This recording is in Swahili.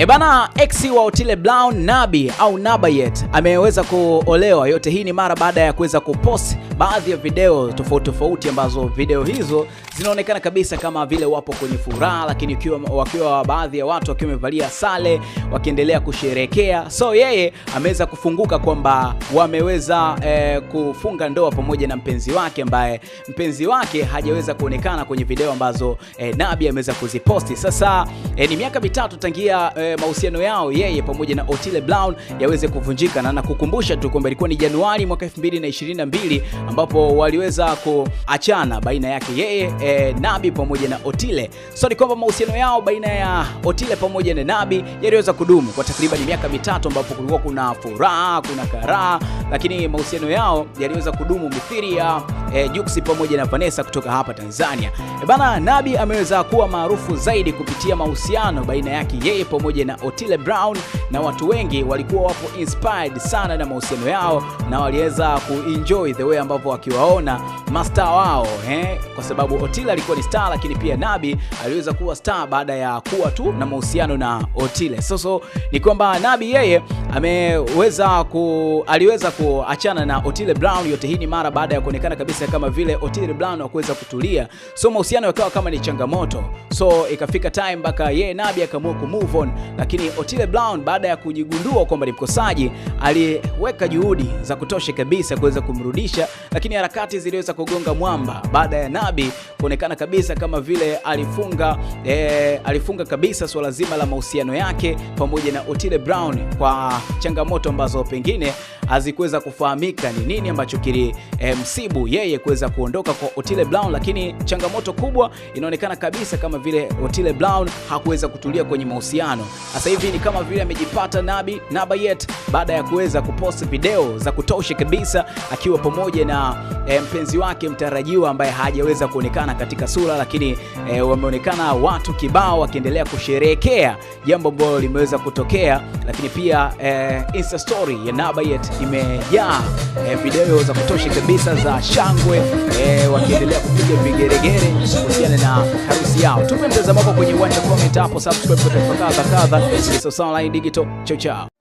Ebana, eh ex wa Otile Brown Nabi au Nabayet ameweza kuolewa. Yote hii ni mara baada ya kuweza kupost baadhi ya video tofauti tofauti, ambazo video hizo zinaonekana kabisa kama vile wapo kwenye furaha, lakini ukiwa, wakiwa baadhi ya watu wakiwa wamevalia sare wakiendelea kusherekea. So yeye ameweza kufunguka kwamba wameweza eh, kufunga ndoa pamoja na mpenzi wake, ambaye mpenzi wake hajaweza kuonekana kwenye video ambazo eh, Nabi ameweza kuziposti. Sasa eh, ni miaka mitatu tangia eh, eh, mahusiano yao yeye pamoja na Otile Brown yaweze kuvunjika, na nakukumbusha tu kwamba ilikuwa ni Januari mwaka 2022 ambapo waliweza kuachana baina yake yeye eh, Nabi pamoja na Otile. So ni kwamba mahusiano yao baina ya Otile pamoja na Nabi yaliweza kudumu kwa takriban miaka mitatu, ambapo kulikuwa kuna furaha, kuna karaha, lakini mahusiano yao yaliweza kudumu mithiri ya eh, Jux pamoja na Vanessa kutoka hapa Tanzania. E bana, Nabi ameweza kuwa maarufu zaidi kupitia mahusiano baina yake yeye pamoja na Otile Brown na watu wengi walikuwa wapo inspired sana na mahusiano yao na waliweza kuenjoy the way ambavyo wakiwaona mastaa wao eh, kwa sababu Otile alikuwa ni star, lakini pia Nabi aliweza kuwa star baada ya kuwa tu na mahusiano na Otile. So, so ni kwamba Nabi yeye ameweza ku, aliweza kuachana na Otile Brown. Yote hii ni mara baada ya kuonekana kabisa kama vile Otile Brown hakuweza kutulia, so mahusiano yakawa kama ni changamoto, so ikafika time mpaka yeye Nabi akaamua ku move on, lakini Otile Brown baada baada ya kujigundua kwamba ni mkosaji, aliweka juhudi za kutosha kabisa kuweza kumrudisha, lakini harakati ziliweza kugonga mwamba baada ya Nabi kuonekana kabisa kama vile alifunga e, alifunga kabisa swala zima la mahusiano yake pamoja na Otile Brown kwa changamoto ambazo pengine hazikuweza kufahamika ni nini ambacho kili eh, msibu yeye kuweza kuondoka kwa Otile Brown, lakini changamoto kubwa inaonekana kabisa kama vile Otile Brown hakuweza kutulia kwenye mahusiano. Sasa hivi ni kama vile amejipata Nabi yet baada ya kuweza kupost video za kutosha kabisa akiwa pamoja na eh, mpenzi wake mtarajiwa ambaye hajaweza kuonekana katika sura, lakini eh, wameonekana watu kibao wakiendelea kusherehekea jambo ambalo limeweza kutokea, lakini pia eh, Insta story ya Nabayet imejaa e, video za kutosha kabisa za shangwe e, wakiendelea kupiga vigeregere kuhusiana na harusi yao. Tupe mtazamo wako kwenye uwanja comment hapo, subscribe kwa taarifa kadha kadha. Online Digital chao chao.